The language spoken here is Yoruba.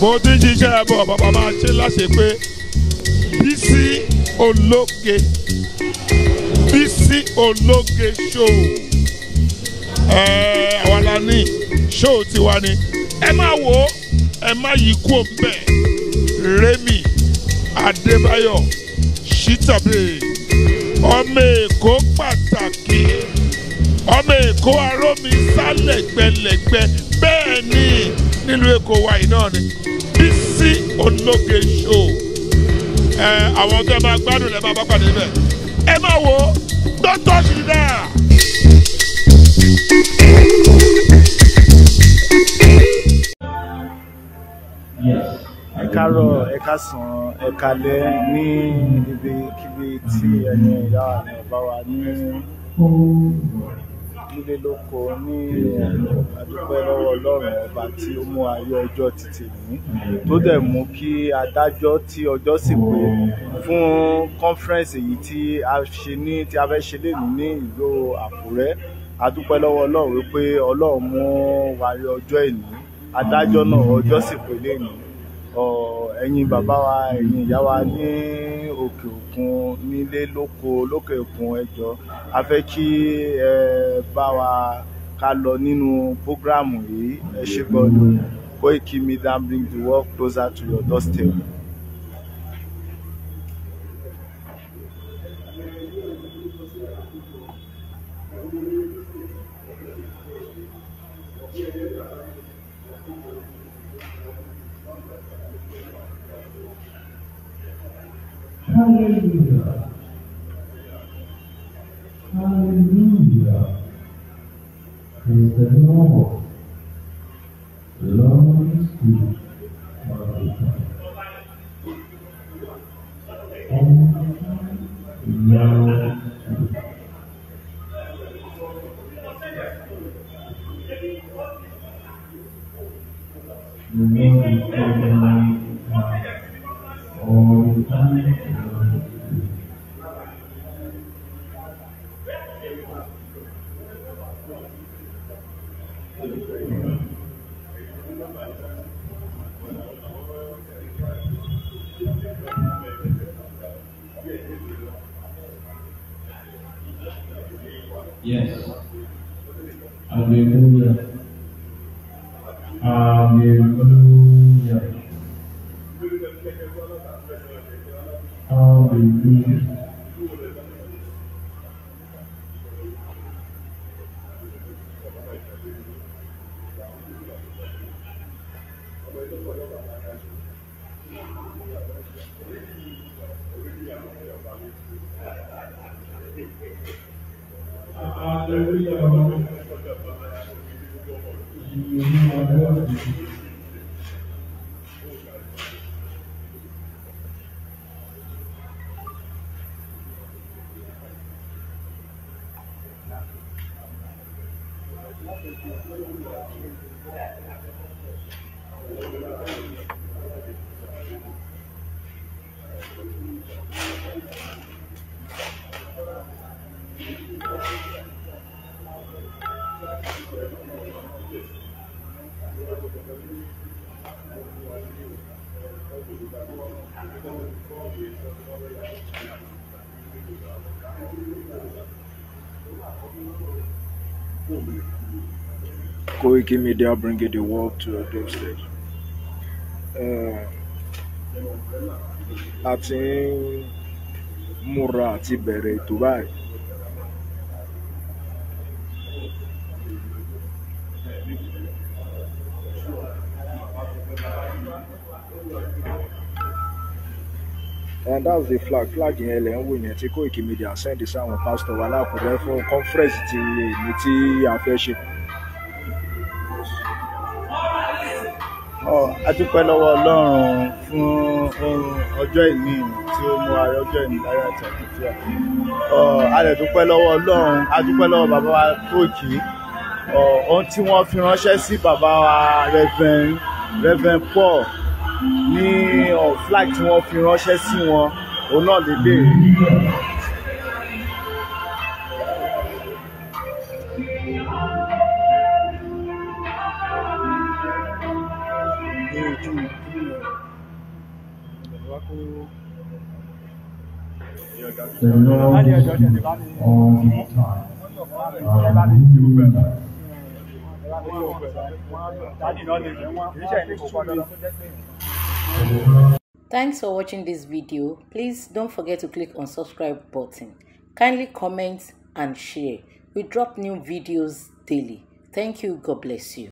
mo ti jíṣẹ́ bọ̀ bàbá máa ṣe láṣẹ pé Bísí Ológe Bísí Ológe show ẹ àwa la ní show tiwa ni ẹ máa wò ó ẹ má yí kú òǹbẹ Rẹ́mi Adébáyọ̀ Ṣítàbí ọmọ Èkó pàtàkì ọmọ Èkó arómi sálẹ̀gbẹ̀lẹ̀gbẹ̀ bẹ́ẹ̀ ni nílùú èkó wa yìí náà ni bísí ológe show ẹ àwọn tó ẹ máa gbádùn lẹ máa bá pàdé bẹ ẹ máa wo dókítà ṣìdá. ẹ̀kárọ̀ ẹ̀kásán ẹ̀kálẹ́ ní ibikíbi tí ẹni ìyá rẹ̀ bá wà ní nílé lóko ní àdúpẹ́ lọ́wọ́ ọlọ́run ọba tí ó mú ayé ọjọ́ títí ní tó dẹ̀ mú kí adájọ́ tí ọjọ́ sì pé fún conference èyí tí a ṣe ní tí a fẹ́ ṣe lénìí ní ìlú Àkúrẹ́ àdúpẹ́ lọ́wọ́ ọlọ́run wípé ọlọ́run mú wáyé ọjọ́ ìní adájọ́ náà ọjọ́ sì pé lénìí ẹ̀yin bàbá wa ẹ̀yin ìyá wa ní òkè òkun nílé lóko lókè òkun ẹjọ́ a fẹ́ kí ẹ bá wa ká lọ nínú programu yìí ẹ ṣe gbọ́dọ̀ Koiki Media bring the world closer to your doorstep. Hallelujah. Hallelujah. Praise the Lord. The Lord is good. Now, the Lord is good. Yes. Hallelujah. Hallelujah. Hallelujah. nada disso. Koiki Media bringing the world to a deep stage. Eh, a ti ń múra àti bẹ̀rẹ̀ ètò báyìí. and that's the flag flag yẹn lẹ ń wò yẹn tí Koiki Media send sáwọn pastor wa lákùrẹ́ fún conference ti èmi tí a fẹ́ ṣe. a dúpẹ́ lọ́wọ́ Ọlọ́run fún ọjọ́ ìní tí ó mú ayé ọjọ́ ìní láyé àti àkànfíà a lè dúpẹ́ lọ́wọ́ Ọlọ́run a dúpẹ́ lọ́wọ́ bàbá wa Koiki ohun tí wọ́n fi ránṣẹ́ sí bàbá wa Reverend Paul ní flag tí wọ́n fi ránṣẹ́ sí wọn òun náà lédè. The Lord is all the time. Amen. Daddy, not the one. Thanks for watching this video. Please don't forget to click on subscribe button. Kindly comment and share. We drop new videos daily. Thank you. God bless you.